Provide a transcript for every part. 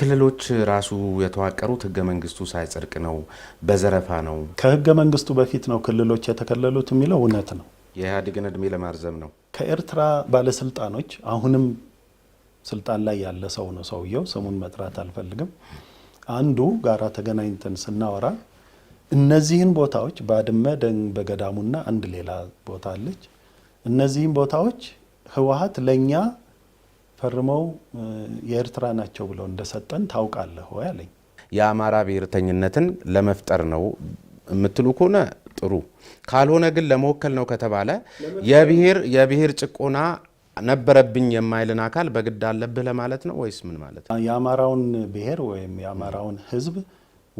ክልሎች ራሱ የተዋቀሩት ህገ መንግስቱ ሳይጸድቅ ነው፣ በዘረፋ ነው። ከህገ መንግስቱ በፊት ነው ክልሎች የተከለሉት የሚለው እውነት ነው። የኢህአዴግን እድሜ ለማርዘም ነው። ከኤርትራ ባለስልጣኖች አሁንም ስልጣን ላይ ያለ ሰው ነው ሰውየው፣ ስሙን መጥራት አልፈልግም። አንዱ ጋራ ተገናኝተን ስናወራ እነዚህን ቦታዎች ባድመ፣ በገዳሙና አንድ ሌላ ቦታ አለች። እነዚህን ቦታዎች ህወሀት ለእኛ ፈርመው የኤርትራ ናቸው ብለው እንደሰጠን ታውቃለህ ወይ አለኝ። የአማራ ብሔርተኝነትን ለመፍጠር ነው የምትሉ ከሆነ ጥሩ፣ ካልሆነ ግን ለመወከል ነው ከተባለ የብሔር ጭቆና ነበረብኝ የማይልን አካል በግድ አለብህ ለማለት ነው ወይስ ምን ማለት ነው? የአማራውን ብሔር ወይም የአማራውን ሕዝብ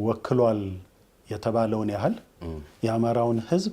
ወክሏል የተባለውን ያህል የአማራውን ሕዝብ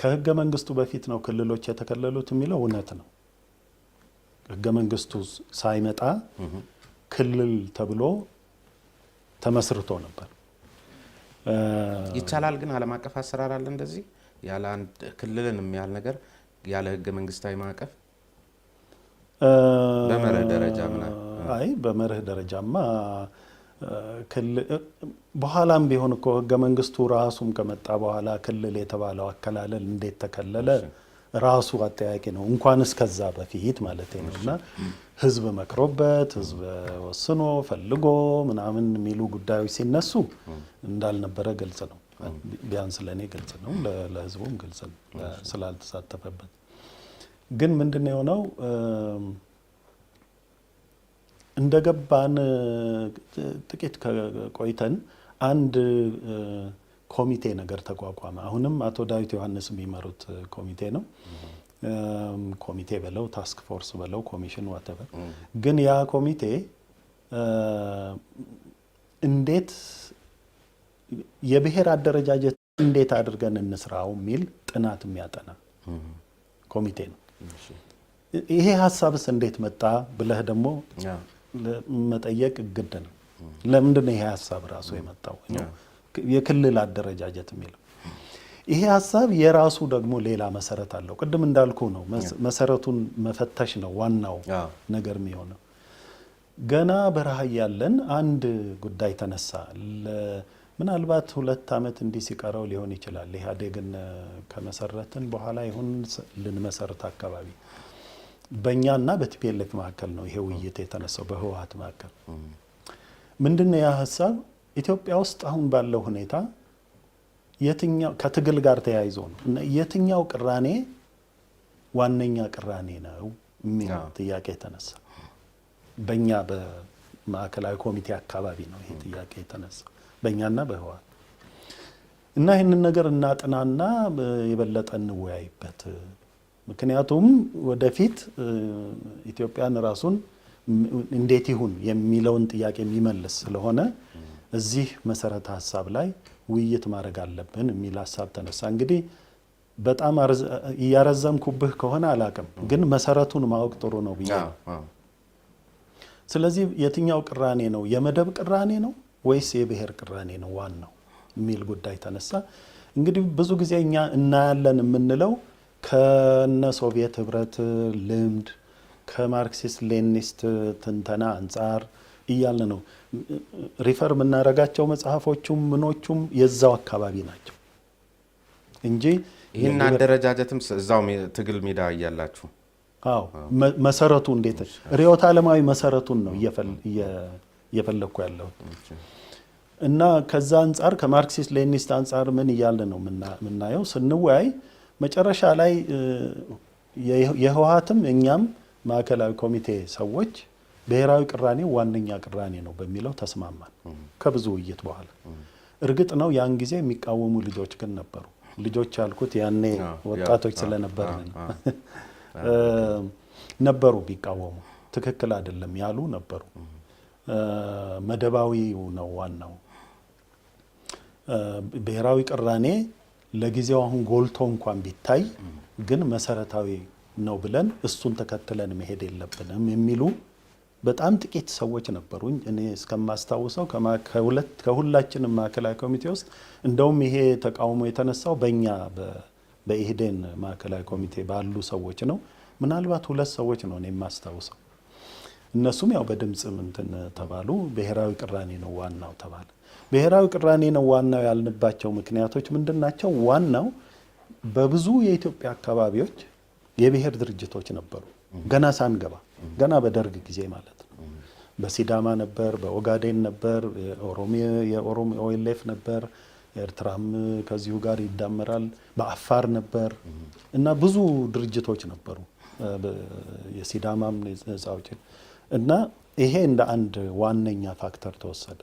ከህገ መንግስቱ በፊት ነው ክልሎች የተከለሉት የሚለው እውነት ነው። ህገ መንግስቱ ሳይመጣ ክልል ተብሎ ተመስርቶ ነበር። ይቻላል ግን ዓለም አቀፍ አሰራር አለ እንደዚህ ያለ አንድ ክልልን የሚያል ነገር ያለ ህገ መንግስታዊ ማዕቀፍ በመርህ ደረጃ አይ በመርህ ደረጃማ በኋላም ቢሆን እኮ ህገ መንግስቱ ራሱም ከመጣ በኋላ ክልል የተባለው አከላለል እንዴት ተከለለ ራሱ አጠያቂ ነው። እንኳን እስከዛ በፊት ማለት ነው። እና ህዝብ መክሮበት ህዝብ ወስኖ ፈልጎ ምናምን የሚሉ ጉዳዮች ሲነሱ እንዳልነበረ ግልጽ ነው። ቢያንስ ለእኔ ግልጽ ነው፣ ለህዝቡም ግልጽ ነው ስላልተሳተፈበት። ግን ምንድን ነው የሆነው? እንደገባን ጥቂት ቆይተን አንድ ኮሚቴ ነገር ተቋቋመ። አሁንም አቶ ዳዊት ዮሐንስ የሚመሩት ኮሚቴ ነው። ኮሚቴ በለው ታስክ ፎርስ በለው ኮሚሽን ዋተበር። ግን ያ ኮሚቴ እንዴት የብሔር አደረጃጀት እንዴት አድርገን እንስራው የሚል ጥናት የሚያጠና ኮሚቴ ነው። ይሄ ሀሳብስ እንዴት መጣ ብለህ ደግሞ መጠየቅ ግድ ነው። ለምንድን ነው ይሄ ሀሳብ ራሱ የመጣው? የክልል አደረጃጀት የሚለው ይሄ ሀሳብ የራሱ ደግሞ ሌላ መሰረት አለው። ቅድም እንዳልኩ ነው መሰረቱን መፈተሽ ነው ዋናው ነገር የሚሆነው። ገና በረሃ ያለን አንድ ጉዳይ ተነሳ። ምናልባት ሁለት ዓመት እንዲህ ሲቀረው ሊሆን ይችላል ኢህአዴግን ከመሰረትን በኋላ ይሁን ልንመሰረት አካባቢ በእኛና በቲፒኤልኤፍ መካከል ነው ይሄ ውይይት የተነሳው፣ በህወሀት መካከል ምንድን ነው ያ ሀሳብ? ኢትዮጵያ ውስጥ አሁን ባለው ሁኔታ ከትግል ጋር ተያይዞ ነው የትኛው ቅራኔ ዋነኛ ቅራኔ ነው የሚል ጥያቄ የተነሳ በእኛ በማዕከላዊ ኮሚቴ አካባቢ ነው ይሄ ጥያቄ የተነሳ በእኛና በህወሀት እና ይህንን ነገር እናጥናና የበለጠ እንወያይበት ምክንያቱም ወደፊት ኢትዮጵያን ራሱን እንዴት ይሁን የሚለውን ጥያቄ የሚመልስ ስለሆነ እዚህ መሰረተ ሀሳብ ላይ ውይይት ማድረግ አለብን የሚል ሀሳብ ተነሳ። እንግዲህ በጣም እያረዘምኩብህ ከሆነ አላቅም፣ ግን መሰረቱን ማወቅ ጥሩ ነው ብዬ ነው። ስለዚህ የትኛው ቅራኔ ነው የመደብ ቅራኔ ነው ወይስ የብሔር ቅራኔ ነው ዋናው የሚል ጉዳይ ተነሳ። እንግዲህ ብዙ ጊዜ እኛ እናያለን የምንለው ከነ ሶቪየት ህብረት ልምድ ከማርክሲስት ሌኒስት ትንተና አንጻር እያለ ነው ሪፈር የምናደርጋቸው መጽሐፎቹም ምኖቹም የዛው አካባቢ ናቸው እንጂ ይህን አደረጃጀትም እዛው ትግል ሜዳ እያላችሁ አዎ መሰረቱ እንዴት ርዕዮተ ዓለማዊ መሰረቱን ነው እየፈለግኩ ያለሁት እና ከዛ አንጻር ከማርክሲስት ሌኒስት አንጻር ምን እያለ ነው የምናየው ስንወያይ መጨረሻ ላይ የህወሀትም እኛም ማዕከላዊ ኮሚቴ ሰዎች ብሔራዊ ቅራኔ ዋነኛ ቅራኔ ነው በሚለው ተስማማን ከብዙ ውይይት በኋላ። እርግጥ ነው ያን ጊዜ የሚቃወሙ ልጆች ግን ነበሩ። ልጆች ያልኩት ያኔ ወጣቶች ስለነበር ነበሩ፣ ቢቃወሙ ትክክል አይደለም ያሉ ነበሩ። መደባዊው ነው ዋናው ብሔራዊ ቅራኔ ለጊዜው አሁን ጎልቶ እንኳን ቢታይ ግን መሰረታዊ ነው ብለን እሱን ተከትለን መሄድ የለብንም የሚሉ በጣም ጥቂት ሰዎች ነበሩኝ። እኔ እስከማስታውሰው ከሁላችንም ማዕከላዊ ኮሚቴ ውስጥ እንደውም ይሄ ተቃውሞ የተነሳው በእኛ በኢህዴን ማዕከላዊ ኮሚቴ ባሉ ሰዎች ነው። ምናልባት ሁለት ሰዎች ነው እኔ የማስታውሰው። እነሱም ያው በድምጽ ምንትን ተባሉ። ብሔራዊ ቅራኔ ነው ዋናው ተባለ። ብሔራዊ ቅራኔ ነው ዋናው ያልንባቸው ምክንያቶች ምንድን ናቸው? ዋናው በብዙ የኢትዮጵያ አካባቢዎች የብሔር ድርጅቶች ነበሩ። ገና ሳንገባ ገና በደርግ ጊዜ ማለት ነው። በሲዳማ ነበር፣ በኦጋዴን ነበር፣ የኦሮሚ ኦኤልኤፍ ነበር፣ ኤርትራም ከዚሁ ጋር ይዳመራል፣ በአፋር ነበር እና ብዙ ድርጅቶች ነበሩ። የሲዳማም ነጻ አውጪ እና ይሄ እንደ አንድ ዋነኛ ፋክተር ተወሰደ።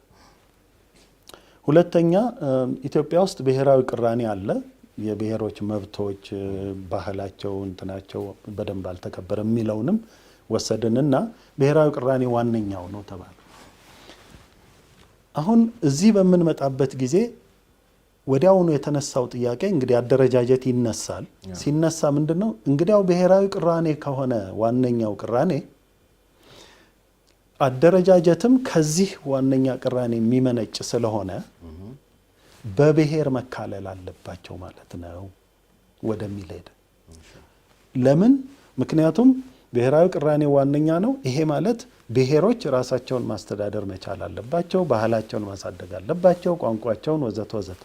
ሁለተኛ ኢትዮጵያ ውስጥ ብሔራዊ ቅራኔ አለ። የብሔሮች መብቶች፣ ባህላቸው፣ እንትናቸው በደንብ አልተከበረም የሚለውንም ወሰድን እና ብሔራዊ ቅራኔ ዋነኛው ነው ተባለ። አሁን እዚህ በምንመጣበት ጊዜ ወዲያውኑ የተነሳው ጥያቄ እንግዲህ አደረጃጀት ይነሳል። ሲነሳ ምንድን ነው እንግዲያው ብሔራዊ ቅራኔ ከሆነ ዋነኛው ቅራኔ አደረጃጀትም ከዚህ ዋነኛ ቅራኔ የሚመነጭ ስለሆነ በብሔር መካለል አለባቸው ማለት ነው ወደሚል ሄደ። ለምን? ምክንያቱም ብሔራዊ ቅራኔ ዋነኛ ነው። ይሄ ማለት ብሔሮች ራሳቸውን ማስተዳደር መቻል አለባቸው፣ ባህላቸውን ማሳደግ አለባቸው፣ ቋንቋቸውን ወዘተ ወዘተ።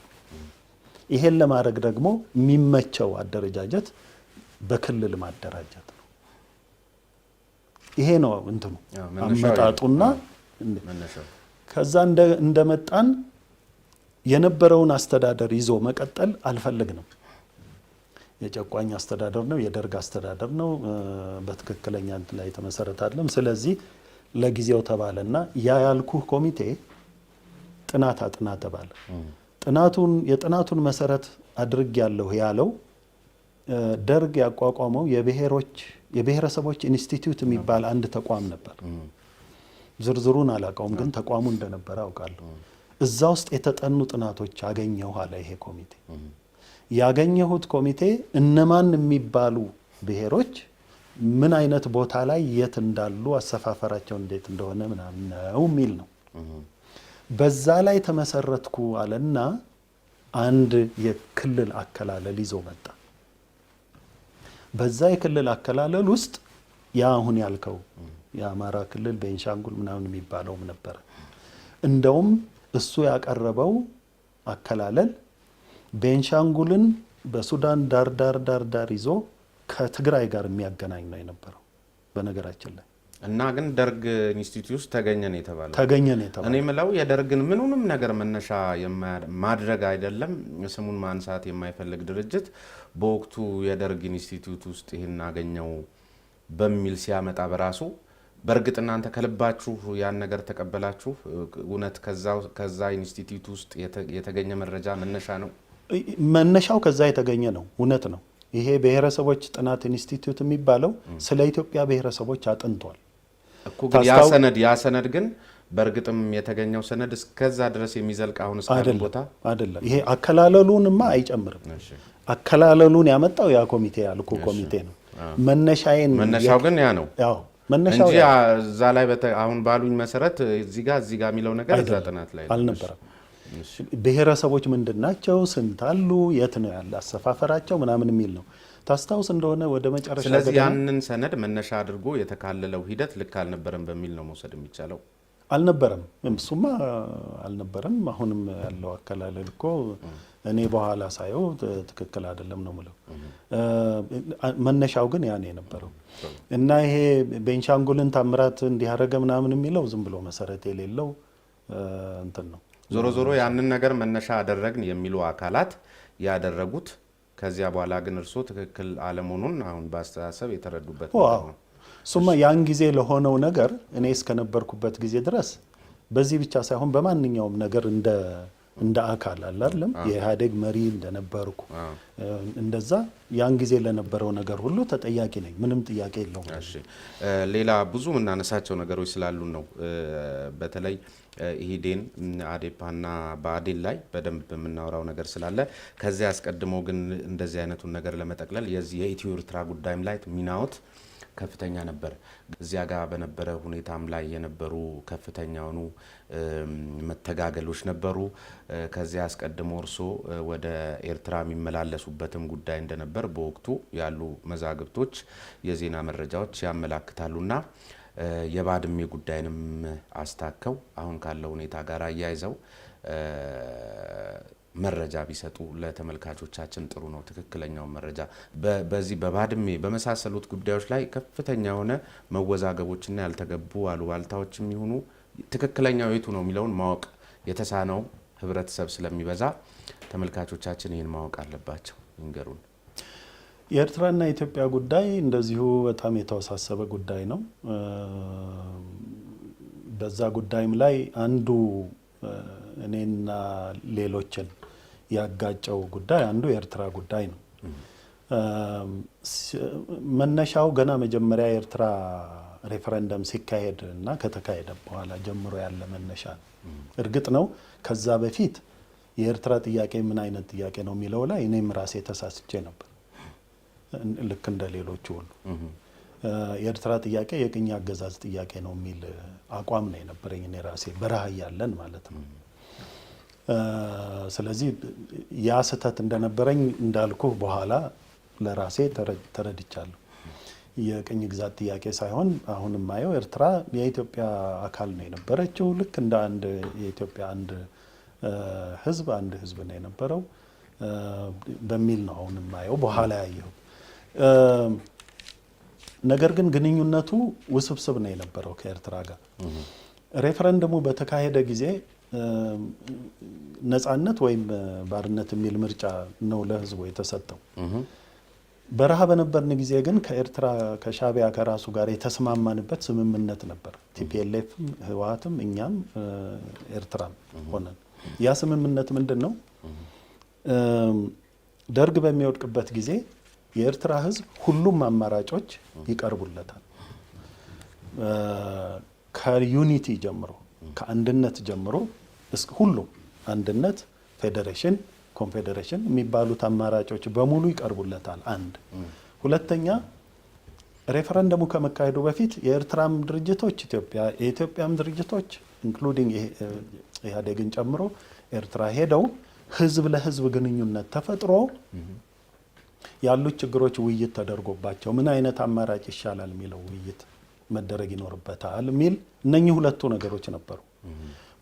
ይሄን ለማድረግ ደግሞ የሚመቸው አደረጃጀት በክልል ማደራጀት ይሄ ነው እንትኑ አመጣጡና ከዛ እንደመጣን የነበረውን አስተዳደር ይዞ መቀጠል አልፈልግንም። የጨቋኝ አስተዳደር ነው፣ የደርግ አስተዳደር ነው፣ በትክክለኛ እንትን ላይ የተመሰረተ አይደለም። ስለዚህ ለጊዜው ተባለና ያ ያልኩህ ኮሚቴ ጥናት አጥና ተባለ። ጥናቱን የጥናቱን መሰረት አድርግ ያለሁ ያለው ደርግ ያቋቋመው የብሔሮች የብሔረሰቦች ኢንስቲትዩት የሚባል አንድ ተቋም ነበር። ዝርዝሩን አላውቀውም፣ ግን ተቋሙ እንደነበረ አውቃለሁ። እዛ ውስጥ የተጠኑ ጥናቶች አገኘሁ አለ ይሄ ኮሚቴ። ያገኘሁት ኮሚቴ እነማን የሚባሉ ብሔሮች ምን አይነት ቦታ ላይ የት እንዳሉ አሰፋፈራቸው እንዴት እንደሆነ ምናምን ነው የሚል ነው። በዛ ላይ ተመሰረትኩ አለና አንድ የክልል አከላለል ይዞ መጣ። በዛ የክልል አከላለል ውስጥ ያ አሁን ያልከው የአማራ ክልል ቤንሻንጉል ምናምን የሚባለውም ነበረ። እንደውም እሱ ያቀረበው አከላለል ቤንሻንጉልን በሱዳን ዳር ዳር ዳር ዳር ይዞ ከትግራይ ጋር የሚያገናኝ ነው የነበረው በነገራችን ላይ እና ግን ደርግ ኢንስቲትዩት ውስጥ ተገኘ ነው የተባለው። ተገኘ ነው የተባለው። እኔ ምለው የደርግን ምኑንም ነገር መነሻ ማድረግ አይደለም። ስሙን ማንሳት የማይፈልግ ድርጅት በወቅቱ የደርግ ኢንስቲትዩት ውስጥ ይህን አገኘው በሚል ሲያመጣ በራሱ በእርግጥ እናንተ ከልባችሁ ያን ነገር ተቀበላችሁ? እውነት ከዛ ኢንስቲትዩት ውስጥ የተገኘ መረጃ መነሻ ነው? መነሻው ከዛ የተገኘ ነው። እውነት ነው። ይሄ ብሔረሰቦች ጥናት ኢንስቲትዩት የሚባለው ስለ ኢትዮጵያ ብሔረሰቦች አጥንቷል። ያ ሰነድ ግን በእርግጥም የተገኘው ሰነድ እስከዛ ድረስ የሚዘልቅ አሁን ቦታ አይደለም። ይሄ አከላለሉንማ አይጨምርም። አከላለሉን ያመጣው ያ ኮሚቴ ያልኩ ኮሚቴ ነው። መነሻዬን መነሻው ግን ያ ነው እንጂ እዛ ላይ አሁን ባሉኝ መሰረት እዚህ ጋ እዚህ ጋ የሚለው ነገር እዛ ጥናት ላይ አልነበረም። ብሔረሰቦች ምንድን ናቸው? ስንት አሉ? የት ነው ያለ አሰፋፈራቸው? ምናምን የሚል ነው። ታስታውስ እንደሆነ ወደ መጨረሻ። ስለዚህ ያንን ሰነድ መነሻ አድርጎ የተካለለው ሂደት ልክ አልነበረም በሚል ነው መውሰድ የሚቻለው። አልነበረም፣ እሱማ አልነበረም። አሁንም ያለው አከላለል እኮ እኔ በኋላ ሳየው ትክክል አይደለም ነው ምለው። መነሻው ግን ያን የነበረው እና ይሄ ቤንሻንጉልን ታምራት እንዲያረገ ምናምን የሚለው ዝም ብሎ መሰረት የሌለው እንትን ነው። ዞሮ ዞሮ ያንን ነገር መነሻ አደረግን የሚሉ አካላት ያደረጉት ከዚያ በኋላ ግን እርስዎ ትክክል አለመሆኑን አሁን በአስተሳሰብ የተረዱበት እሱማ ያን ጊዜ ለሆነው ነገር እኔ እስከነበርኩበት ጊዜ ድረስ በዚህ ብቻ ሳይሆን በማንኛውም ነገር እንደ እንደ አካል አለ አይደለም የኢህአዴግ መሪ እንደነበርኩ እንደዛ ያን ጊዜ ለነበረው ነገር ሁሉ ተጠያቂ ነኝ። ምንም ጥያቄ የለውም። ሌላ ብዙ የምናነሳቸው ነገሮች ስላሉ ነው። በተለይ ኢህዴን አዴፓና ብአዴን ላይ በደንብ የምናወራው ነገር ስላለ ከዚያ አስቀድሞ ግን እንደዚህ አይነቱን ነገር ለመጠቅለል የዚህ የኢትዮ ኤርትራ ጉዳይም ላይ ሚናዎት ከፍተኛ ነበር። እዚያ ጋር በነበረ ሁኔታም ላይ የነበሩ ከፍተኛ የሆኑ መተጋገሎች ነበሩ። ከዚያ አስቀድሞ እርሶ ወደ ኤርትራ የሚመላለሱበትም ጉዳይ እንደነበር በወቅቱ ያሉ መዛግብቶች የዜና መረጃዎች ያመላክታሉና የባድሜ ጉዳይንም አስታከው አሁን ካለው ሁኔታ ጋር አያይዘው መረጃ ቢሰጡ ለተመልካቾቻችን ጥሩ ነው። ትክክለኛውን መረጃ በዚህ በባድሜ በመሳሰሉት ጉዳዮች ላይ ከፍተኛ የሆነ መወዛገቦችና ያልተገቡ አሉባልታዎች የሚሆኑ ትክክለኛው የቱ ነው የሚለውን ማወቅ የተሳነው ህብረተሰብ ስለሚበዛ ተመልካቾቻችን ይህን ማወቅ አለባቸው። ይንገሩን። የኤርትራና የኢትዮጵያ ጉዳይ እንደዚሁ በጣም የተወሳሰበ ጉዳይ ነው። በዛ ጉዳይም ላይ አንዱ እኔና ሌሎችን ያጋጨው ጉዳይ አንዱ የኤርትራ ጉዳይ ነው። መነሻው ገና መጀመሪያ የኤርትራ ሬፈረንደም ሲካሄድ እና ከተካሄደ በኋላ ጀምሮ ያለ መነሻ ነው። እርግጥ ነው ከዛ በፊት የኤርትራ ጥያቄ ምን አይነት ጥያቄ ነው የሚለው ላይ እኔም ራሴ ተሳስቼ ነበር፣ ልክ እንደ ሌሎቹ ሁሉ የኤርትራ ጥያቄ የቅኝ አገዛዝ ጥያቄ ነው የሚል አቋም ነው የነበረኝ እኔ ራሴ በረሃ ያለን ማለት ነው። ስለዚህ ያ ስህተት እንደነበረኝ እንዳልኩ በኋላ ለራሴ ተረድቻለሁ። የቅኝ ግዛት ጥያቄ ሳይሆን አሁን የማየው ኤርትራ የኢትዮጵያ አካል ነው የነበረችው። ልክ እንደ አንድ የኢትዮጵያ አንድ ህዝብ አንድ ህዝብ ነው የነበረው በሚል ነው አሁን የማየው በኋላ ያየው። ነገር ግን ግንኙነቱ ውስብስብ ነው የነበረው ከኤርትራ ጋር። ሬፈረንደሙ በተካሄደ ጊዜ ነጻነት ወይም ባርነት የሚል ምርጫ ነው ለህዝቡ የተሰጠው። በረሃ በነበርን ጊዜ ግን ከኤርትራ ከሻቢያ ከራሱ ጋር የተስማማንበት ስምምነት ነበር። ቲፒኤልኤፍም ህወሓትም እኛም ኤርትራም ሆነን ያ ስምምነት ምንድን ነው? ደርግ በሚወድቅበት ጊዜ የኤርትራ ህዝብ ሁሉም አማራጮች ይቀርቡለታል። ከዩኒቲ ጀምሮ ከአንድነት ጀምሮ ሁሉም አንድነት፣ ፌዴሬሽን፣ ኮንፌዴሬሽን የሚባሉት አማራጮች በሙሉ ይቀርቡለታል። አንድ ሁለተኛ ሬፈረንደሙ ከመካሄዱ በፊት የኤርትራም ድርጅቶች ኢትዮጵያ የኢትዮጵያም ድርጅቶች ኢንክሉዲንግ ኢህአዴግን ጨምሮ ኤርትራ ሄደው ህዝብ ለህዝብ ግንኙነት ተፈጥሮ ያሉት ችግሮች ውይይት ተደርጎባቸው ምን አይነት አማራጭ ይሻላል የሚለው ውይይት መደረግ ይኖርበታል የሚል እነኚህ ሁለቱ ነገሮች ነበሩ።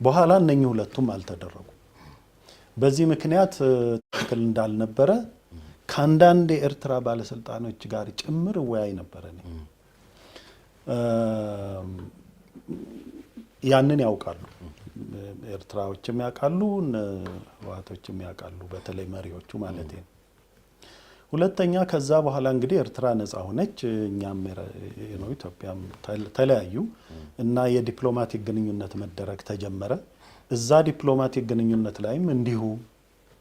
በኋላ እነኚህ ሁለቱም አልተደረጉ በዚህ ምክንያት ትክክል እንዳልነበረ ከአንዳንድ የኤርትራ ባለስልጣኖች ጋር ጭምር እወያይ ነበረ። ያንን ያውቃሉ፣ ኤርትራዎችም ያውቃሉ፣ ህወሓቶችም ያውቃሉ፣ በተለይ መሪዎቹ ማለት ነው። ሁለተኛ ከዛ በኋላ እንግዲህ ኤርትራ ነጻ ሆነች፣ እኛም ነው ኢትዮጵያም ተለያዩ እና የዲፕሎማቲክ ግንኙነት መደረግ ተጀመረ። እዛ ዲፕሎማቲክ ግንኙነት ላይም እንዲሁ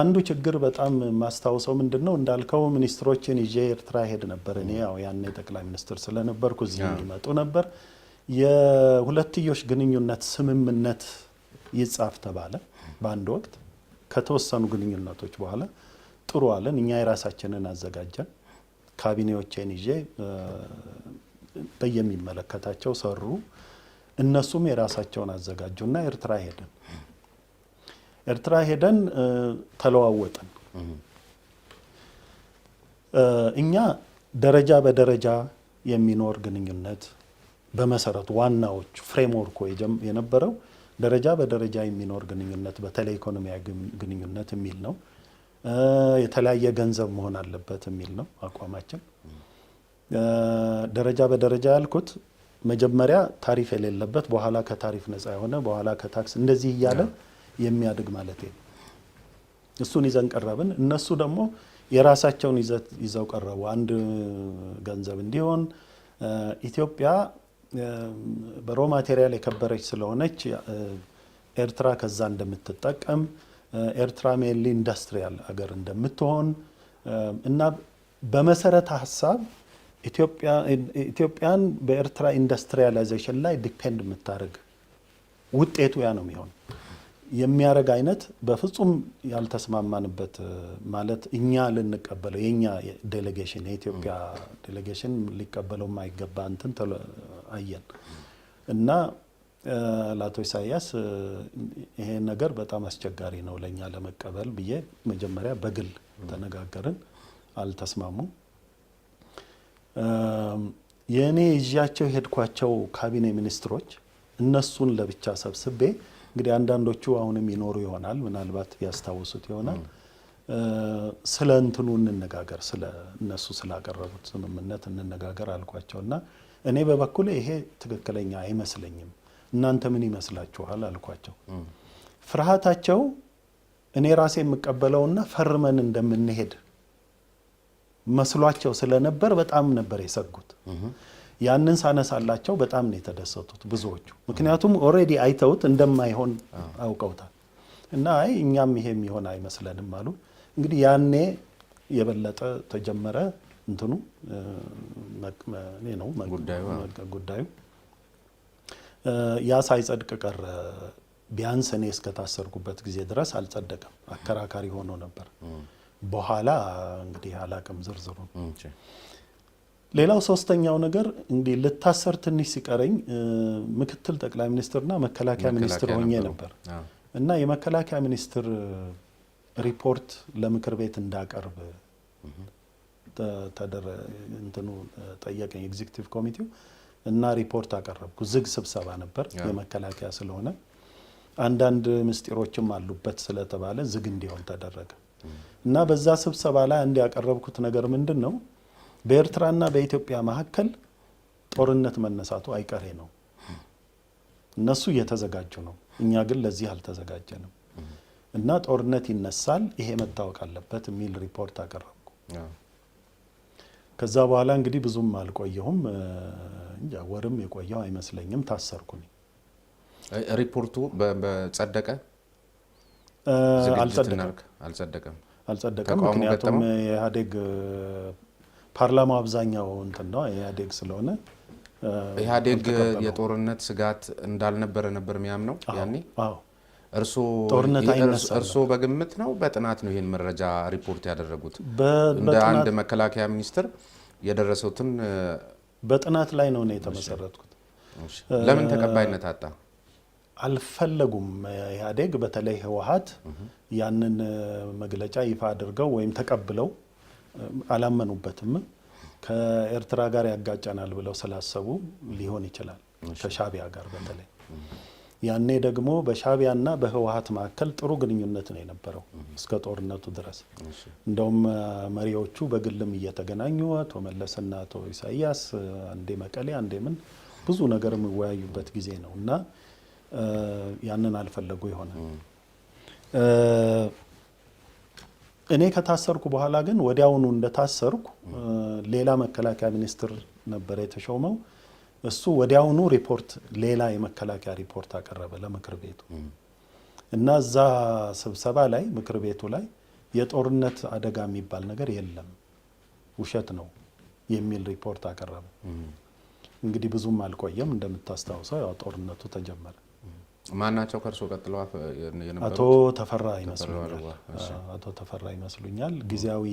አንዱ ችግር በጣም የማስታውሰው ምንድን ነው እንዳልከው ሚኒስትሮችን ይዤ ኤርትራ ሄድ ነበር። እኔ ያው ያኔ ጠቅላይ ሚኒስትር ስለነበርኩ እዚህ የሚመጡ ነበር። የሁለትዮሽ ግንኙነት ስምምነት ይጻፍ ተባለ በአንድ ወቅት። ከተወሰኑ ግንኙነቶች በኋላ ጥሩ አለን። እኛ የራሳችንን አዘጋጀን። ካቢኔዎቼን ይዤ በየሚመለከታቸው ሰሩ። እነሱም የራሳቸውን አዘጋጁና ኤርትራ ሄድን። ኤርትራ ሄደን ተለዋወጥን። እኛ ደረጃ በደረጃ የሚኖር ግንኙነት በመሰረቱ ዋናዎች ፍሬምወርኩ የነበረው ደረጃ በደረጃ የሚኖር ግንኙነት በተለይ ኢኮኖሚያዊ ግንኙነት የሚል ነው። የተለያየ ገንዘብ መሆን አለበት የሚል ነው አቋማችን። ደረጃ በደረጃ ያልኩት መጀመሪያ ታሪፍ የሌለበት፣ በኋላ ከታሪፍ ነፃ የሆነ፣ በኋላ ከታክስ እንደዚህ እያለ የሚያድግ ማለት ነው። እሱን ይዘን ቀረብን። እነሱ ደግሞ የራሳቸውን ይዘት ይዘው ቀረቡ። አንድ ገንዘብ እንዲሆን ኢትዮጵያ በሮ ማቴሪያል የከበረች ስለሆነች ኤርትራ ከዛ እንደምትጠቀም ኤርትራ ሜንሊ ኢንዱስትሪያል አገር እንደምትሆን እና በመሰረተ ሀሳብ ኢትዮጵያን በኤርትራ ኢንዱስትሪያላይዜሽን ላይ ዲፔንድ የምታደርግ ውጤቱ ያ ነው የሚሆን የሚያደርግ አይነት በፍጹም ያልተስማማንበት ማለት እኛ ልንቀበለው የእኛ ዴሌጌሽን የኢትዮጵያ ዴሌጌሽን ሊቀበለው የማይገባ እንትን አየን እና ለአቶ ኢሳያስ ይሄ ነገር በጣም አስቸጋሪ ነው ለእኛ ለመቀበል ብዬ መጀመሪያ በግል ተነጋገርን። አልተስማሙም። የእኔ ይዣቸው የሄድኳቸው ካቢኔ ሚኒስትሮች እነሱን ለብቻ ሰብስቤ እንግዲህ አንዳንዶቹ አሁንም ይኖሩ ይሆናል፣ ምናልባት ያስታውሱት ይሆናል። ስለ እንትኑ እንነጋገር፣ ስለ እነሱ ስላቀረቡት ስምምነት እንነጋገር አልኳቸው እና እኔ በበኩል ይሄ ትክክለኛ አይመስለኝም፣ እናንተ ምን ይመስላችኋል አልኳቸው። ፍርሃታቸው እኔ ራሴ የምቀበለውና ፈርመን እንደምንሄድ መስሏቸው ስለነበር በጣም ነበር የሰጉት። ያንን ሳነሳላቸው በጣም ነው የተደሰቱት ብዙዎቹ። ምክንያቱም ኦልሬዲ አይተውት እንደማይሆን አውቀውታል እና አይ እኛም ይሄ የሚሆን አይመስለንም አሉ። እንግዲህ ያኔ የበለጠ ተጀመረ እንትኑ ነው ጉዳዩ። ያ ሳይጸድቅ ቀረ። ቢያንስ እኔ እስከታሰርኩበት ጊዜ ድረስ አልጸደቀም። አከራካሪ ሆኖ ነበር። በኋላ እንግዲህ አላቅም ዝርዝሩን ሌላው ሶስተኛው ነገር እንዲህ ልታሰር ትንሽ ሲቀረኝ ምክትል ጠቅላይ ሚኒስትርና መከላከያ ሚኒስትር ሆኜ ነበር እና የመከላከያ ሚኒስትር ሪፖርት ለምክር ቤት እንዳቀርብ ተደረ እንትኑ ጠየቀኝ ኤግዚክቲቭ ኮሚቴው እና ሪፖርት አቀረብኩ። ዝግ ስብሰባ ነበር የመከላከያ ስለሆነ አንዳንድ ምስጢሮችም አሉበት ስለተባለ ዝግ እንዲሆን ተደረገ እና በዛ ስብሰባ ላይ ያቀረብኩት ነገር ምንድን ነው በኤርትራና በኢትዮጵያ መካከል ጦርነት መነሳቱ አይቀሬ ነው። እነሱ እየተዘጋጁ ነው፣ እኛ ግን ለዚህ አልተዘጋጀንም እና ጦርነት ይነሳል፣ ይሄ መታወቅ አለበት የሚል ሪፖርት አቀረብኩ። ከዛ በኋላ እንግዲህ ብዙም አልቆየሁም፣ ወርም የቆየው አይመስለኝም። ታሰርኩኝ። ሪፖርቱ ጸደቀ አልጸደቀም? አልጸደቀም። ምክንያቱም የኢህአዴግ ፓርላማ አብዛኛው እንትን ነው ኢህአዴግ ስለሆነ ኢህአዴግ የጦርነት ስጋት እንዳልነበረ ነበር የሚያምነው ያኔ። እርስዎ በግምት ነው በጥናት ነው ይህን መረጃ ሪፖርት ያደረጉት? እንደ አንድ መከላከያ ሚኒስትር የደረሰውትን በጥናት ላይ ነው የተመሰረትኩት። ለምን ተቀባይነት አጣ? አልፈለጉም። ኢህአዴግ በተለይ ህወሀት ያንን መግለጫ ይፋ አድርገው ወይም ተቀብለው አላመኑበትም። ከኤርትራ ጋር ያጋጨናል ብለው ስላሰቡ ሊሆን ይችላል፣ ከሻቢያ ጋር በተለይ ያኔ ደግሞ በሻቢያና በህወሀት መካከል ጥሩ ግንኙነት ነው የነበረው እስከ ጦርነቱ ድረስ። እንደውም መሪዎቹ በግልም እየተገናኙ አቶ መለስና አቶ ኢሳያስ አንዴ መቀሌ አንዴ ምን ብዙ ነገር የሚወያዩበት ጊዜ ነው እና ያንን አልፈለጉ ይሆናል። እኔ ከታሰርኩ በኋላ ግን ወዲያውኑ እንደታሰርኩ ሌላ መከላከያ ሚኒስትር ነበረ የተሾመው። እሱ ወዲያውኑ ሪፖርት ሌላ የመከላከያ ሪፖርት አቀረበ ለምክር ቤቱ እና እዛ ስብሰባ ላይ ምክር ቤቱ ላይ የጦርነት አደጋ የሚባል ነገር የለም ውሸት ነው የሚል ሪፖርት አቀረበ። እንግዲህ ብዙም አልቆየም እንደምታስታውሰው ያው ጦርነቱ ተጀመረ። ማናቸው ከእርሶ ቀጥለው አቶ ተፈራ ይመስሉኛል። አቶ ተፈራ ይመስሉኛል ጊዜያዊ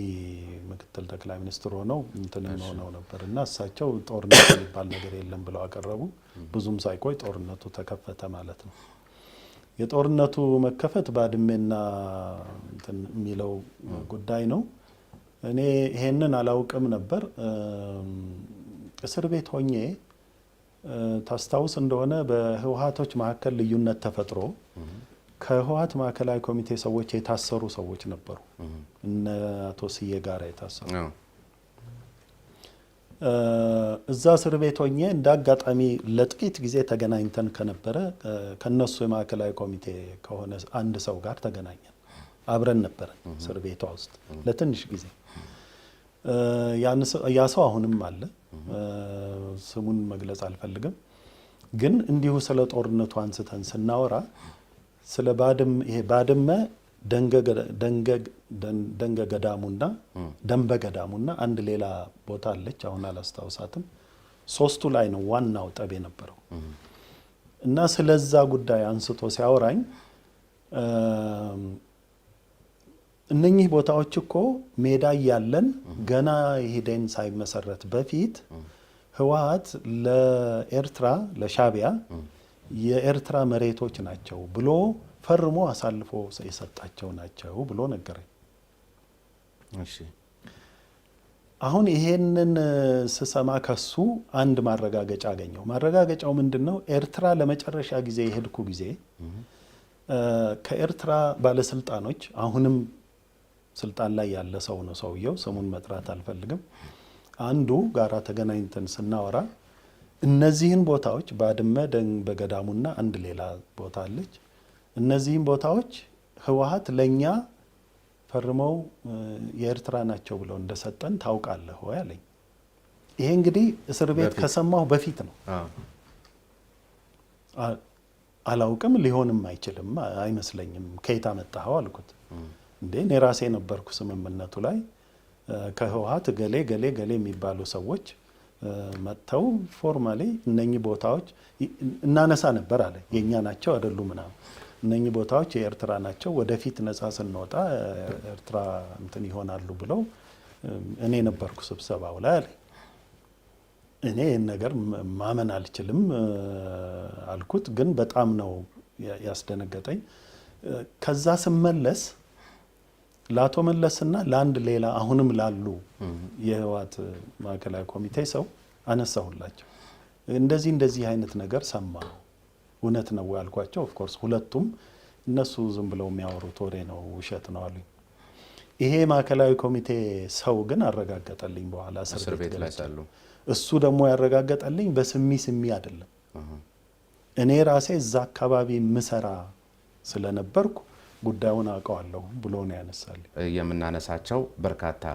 ምክትል ጠቅላይ ሚኒስትር ሆነው እንትን ሆነው ነበር እና እሳቸው ጦርነት የሚባል ነገር የለም ብለው አቀረቡ። ብዙም ሳይቆይ ጦርነቱ ተከፈተ ማለት ነው። የጦርነቱ መከፈት ባድሜና የሚለው ጉዳይ ነው። እኔ ይሄንን አላውቅም ነበር እስር ቤት ሆኜ ታስታውስ እንደሆነ በህወሀቶች መካከል ልዩነት ተፈጥሮ ከህወሀት ማዕከላዊ ኮሚቴ ሰዎች የታሰሩ ሰዎች ነበሩ። እነ አቶ ስዬ ጋር የታሰሩ እዛ እስር ቤት ሆኜ እንደ አጋጣሚ ለጥቂት ጊዜ ተገናኝተን ከነበረ ከነሱ የማዕከላዊ ኮሚቴ ከሆነ አንድ ሰው ጋር ተገናኘን። አብረን ነበረን እስር ቤቷ ውስጥ ለትንሽ ጊዜ። ያ ሰው አሁንም አለ። ስሙን መግለጽ አልፈልግም። ግን እንዲሁ ስለ ጦርነቱ አንስተን ስናወራ ስለ ይሄ ባድመ ደንገ ገዳሙና ደንበ ገዳሙና አንድ ሌላ ቦታ አለች፣ አሁን አላስታውሳትም። ሶስቱ ላይ ነው ዋናው ጠብ የነበረው እና ስለዛ ጉዳይ አንስቶ ሲያወራኝ እነኚህ ቦታዎች እኮ ሜዳ እያለን ገና ሂደን ሳይመሰረት በፊት ህወሀት ለኤርትራ ለሻቢያ የኤርትራ መሬቶች ናቸው ብሎ ፈርሞ አሳልፎ የሰጣቸው ናቸው ብሎ ነገረኝ። አሁን ይሄንን ስሰማ ከሱ አንድ ማረጋገጫ አገኘው። ማረጋገጫው ምንድን ነው? ኤርትራ ለመጨረሻ ጊዜ የሄድኩ ጊዜ ከኤርትራ ባለስልጣኖች አሁንም ስልጣን ላይ ያለ ሰው ነው ሰውየው። ስሙን መጥራት አልፈልግም። አንዱ ጋራ ተገናኝተን ስናወራ እነዚህን ቦታዎች ባድመ፣ በገዳሙና አንድ ሌላ ቦታ አለች። እነዚህን ቦታዎች ህወሀት ለእኛ ፈርመው የኤርትራ ናቸው ብለው እንደሰጠን ታውቃለህ ወይ አለኝ። ይሄ እንግዲህ እስር ቤት ከሰማሁ በፊት ነው። አላውቅም፣ ሊሆንም አይችልም፣ አይመስለኝም። ከየት አመጣኸው አልኩት። እንዴ እኔ ራሴ የነበርኩ ስምምነቱ ላይ ከህወሀት ገሌ ገሌ ገሌ የሚባሉ ሰዎች መጥተው ፎርማሊ እነኚህ ቦታዎች እናነሳ ነበር አለ። የእኛ ናቸው አይደሉም ምናምን እነኚህ ቦታዎች የኤርትራ ናቸው፣ ወደፊት ነጻ ስንወጣ ኤርትራ እንትን ይሆናሉ ብለው እኔ ነበርኩ ስብሰባው ላይ አለ። እኔ ይህን ነገር ማመን አልችልም አልኩት፣ ግን በጣም ነው ያስደነገጠኝ። ከዛ ስመለስ ለአቶ መለስና ለአንድ ሌላ አሁንም ላሉ የህወሓት ማዕከላዊ ኮሚቴ ሰው አነሳሁላቸው። እንደዚህ እንደዚህ አይነት ነገር ሰማ እውነት ነው ያልኳቸው። ኦፍኮርስ ሁለቱም እነሱ ዝም ብለው የሚያወሩት ወሬ ነው ውሸት ነው አሉኝ። ይሄ ማዕከላዊ ኮሚቴ ሰው ግን አረጋገጠልኝ በኋላ እስር ቤት ላይ ሳሉ። እሱ ደግሞ ያረጋገጠልኝ በስሚ ስሚ አይደለም፣ እኔ ራሴ እዛ አካባቢ ምሰራ ስለነበርኩ ጉዳዩን አውቀዋለሁ ብሎ ነው ያነሳል። የምናነሳቸው በርካታ